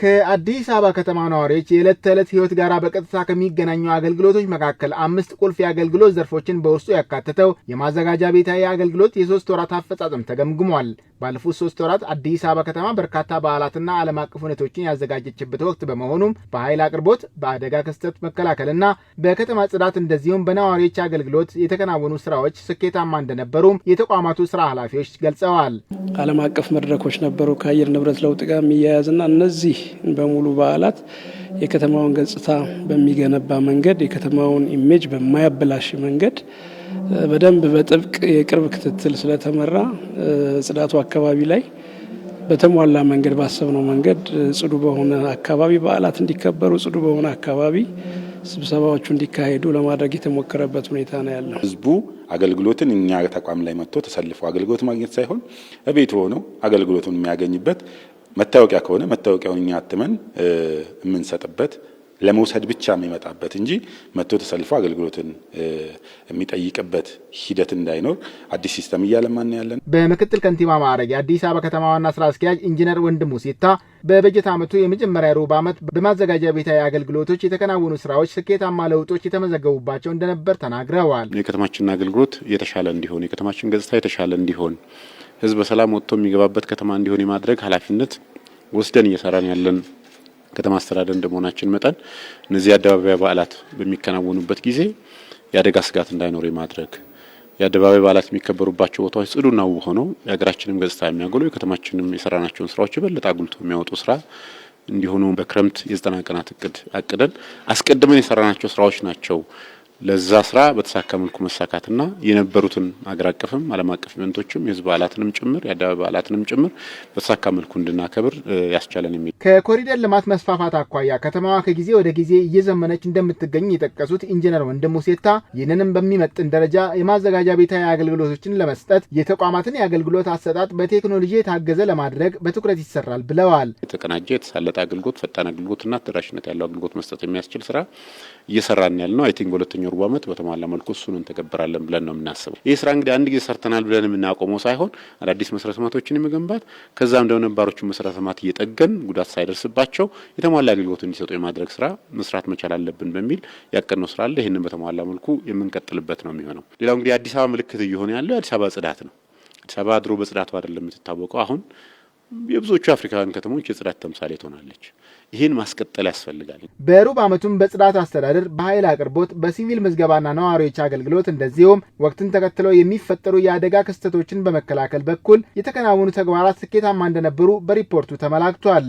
ከአዲስ አበባ ከተማ ነዋሪዎች የዕለት ተዕለት ህይወት ጋር በቀጥታ ከሚገናኙ አገልግሎቶች መካከል አምስት ቁልፍ የአገልግሎት ዘርፎችን በውስጡ ያካተተው የማዘጋጃ ቤታዊ አገልግሎት የሶስት ወራት አፈጻጸም ተገምግሟል። ባለፉት ሶስት ወራት አዲስ አበባ ከተማ በርካታ በዓላትና ዓለም አቀፍ ሁነቶችን ያዘጋጀችበት ወቅት በመሆኑም በኃይል አቅርቦት፣ በአደጋ ክስተት መከላከልና በከተማ ጽዳት እንደዚሁም በነዋሪዎች አገልግሎት የተከናወኑ ስራዎች ስኬታማ እንደነበሩም የተቋማቱ ስራ ኃላፊዎች ገልጸዋል። ዓለም አቀፍ መድረኮች ነበሩ ከአየር ንብረት ለውጥ ጋር የሚያያዝና እነዚህ በሙሉ በዓላት የከተማውን ገጽታ በሚገነባ መንገድ የከተማውን ኢሜጅ በማያበላሽ መንገድ በደንብ በጥብቅ የቅርብ ክትትል ስለተመራ ጽዳቱ አካባቢ ላይ በተሟላ መንገድ ባሰብነው መንገድ ጽዱ በሆነ አካባቢ በዓላት እንዲከበሩ ጽዱ በሆነ አካባቢ ስብሰባዎቹ እንዲካሄዱ ለማድረግ የተሞከረበት ሁኔታ ነው ያለው። ህዝቡ አገልግሎትን እኛ ተቋም ላይ መጥቶ ተሰልፎ አገልግሎት ማግኘት ሳይሆን ቤቱ ሆነው አገልግሎቱን የሚያገኝበት መታወቂያ ከሆነ መታወቂያውን እኛ አትመን የምንሰጥበት ለመውሰድ ብቻ የሚመጣበት እንጂ መጥቶ ተሰልፎ አገልግሎትን የሚጠይቅበት ሂደት እንዳይኖር አዲስ ሲስተም እያለማን ያለን። በምክትል ከንቲባ ማዕረግ የአዲስ አበባ ከተማ ዋና ስራ አስኪያጅ ኢንጂነር ወንድሙ ሴታ በበጀት ዓመቱ የመጀመሪያ ሩብ ዓመት በማዘጋጃ ቤታዊ አገልግሎቶች የተከናወኑ ስራዎች ስኬታማ ለውጦች የተመዘገቡባቸው እንደነበር ተናግረዋል። የከተማችን አገልግሎት የተሻለ እንዲሆን የከተማችን ገጽታ የተሻለ እንዲሆን ህዝብ በሰላም ወጥቶ የሚገባበት ከተማ እንዲሆን የማድረግ ኃላፊነት ወስደን እየሰራን ያለን ከተማ አስተዳደር እንደመሆናችን መጠን እነዚህ የአደባባይ በዓላት በሚከናወኑበት ጊዜ የአደጋ ስጋት እንዳይኖር የማድረግ የአደባባይ በዓላት የሚከበሩባቸው ቦታዎች ጽዱና ውብ ሆነው የሀገራችንም ገጽታ የሚያጎሉ የከተማችንም የሰራናቸውን ስራዎች የበለጠ አጉልቶ የሚያወጡ ስራ እንዲሆኑ በክረምት የዘጠና ቀናት እቅድ አቅደን አስቀድመን የሰራናቸው ስራዎች ናቸው። ለዛ ስራ በተሳካ መልኩ መሳካትና የነበሩትን አገር አቀፍም ዓለም አቀፍ ኢቨንቶችም የህዝብ በዓላትንም ጭምር የአደባባይ በዓላትንም ጭምር በተሳካ መልኩ እንድናከብር ያስቻለን የሚል ከኮሪደር ልማት መስፋፋት አኳያ ከተማዋ ከጊዜ ወደ ጊዜ እየዘመነች እንደምትገኝ የጠቀሱት ኢንጂነር ወንድሙ ሴታ ይህንንም በሚመጥን ደረጃ የማዘጋጃ ቤታዊ አገልግሎቶችን ለመስጠት የተቋማትን የአገልግሎት አሰጣጥ በቴክኖሎጂ የታገዘ ለማድረግ በትኩረት ይሰራል ብለዋል። የተቀናጀ የተሳለጠ አገልግሎት፣ ፈጣን አገልግሎትና ተደራሽነት ያለው አገልግሎት መስጠት የሚያስችል ስራ እየሰራን ያልነው አይ ቲንክ በሁለተኛ በመጪው ሩብ ዓመት በተሟላ መልኩ እሱን እንተገብራለን ብለን ነው የምናስበው። ይህ ስራ እንግዲህ አንድ ጊዜ ሰርተናል ብለን የምናቆመው ሳይሆን አዳዲስ መሰረተ ልማቶችን የመገንባት ከዛም ደግሞ ነባሮቹ መሰረተ ልማት እየጠገን ጉዳት ሳይደርስባቸው የተሟላ አገልግሎት እንዲሰጡ የማድረግ ስራ መስራት መቻል አለብን በሚል ያቀድነው ስራ አለ። ይህንን በተሟላ መልኩ የምንቀጥልበት ነው የሚሆነው። ሌላው እንግዲህ አዲስ አበባ ምልክት እየሆነ ያለው የአዲስ አበባ ጽዳት ነው። አዲስ አበባ ድሮ በጽዳቱ አይደለም የምትታወቀው አሁን የብዙዎቹ አፍሪካውያን ከተሞች የጽዳት ተምሳሌ ትሆናለች። ይህን ማስቀጠል ያስፈልጋል። በሩብ ዓመቱም በጽዳት አስተዳደር፣ በኃይል አቅርቦት፣ በሲቪል ምዝገባና ነዋሪዎች አገልግሎት እንደዚሁም ወቅትን ተከትለው የሚፈጠሩ የአደጋ ክስተቶችን በመከላከል በኩል የተከናወኑ ተግባራት ስኬታማ እንደነበሩ በሪፖርቱ ተመላክቷል።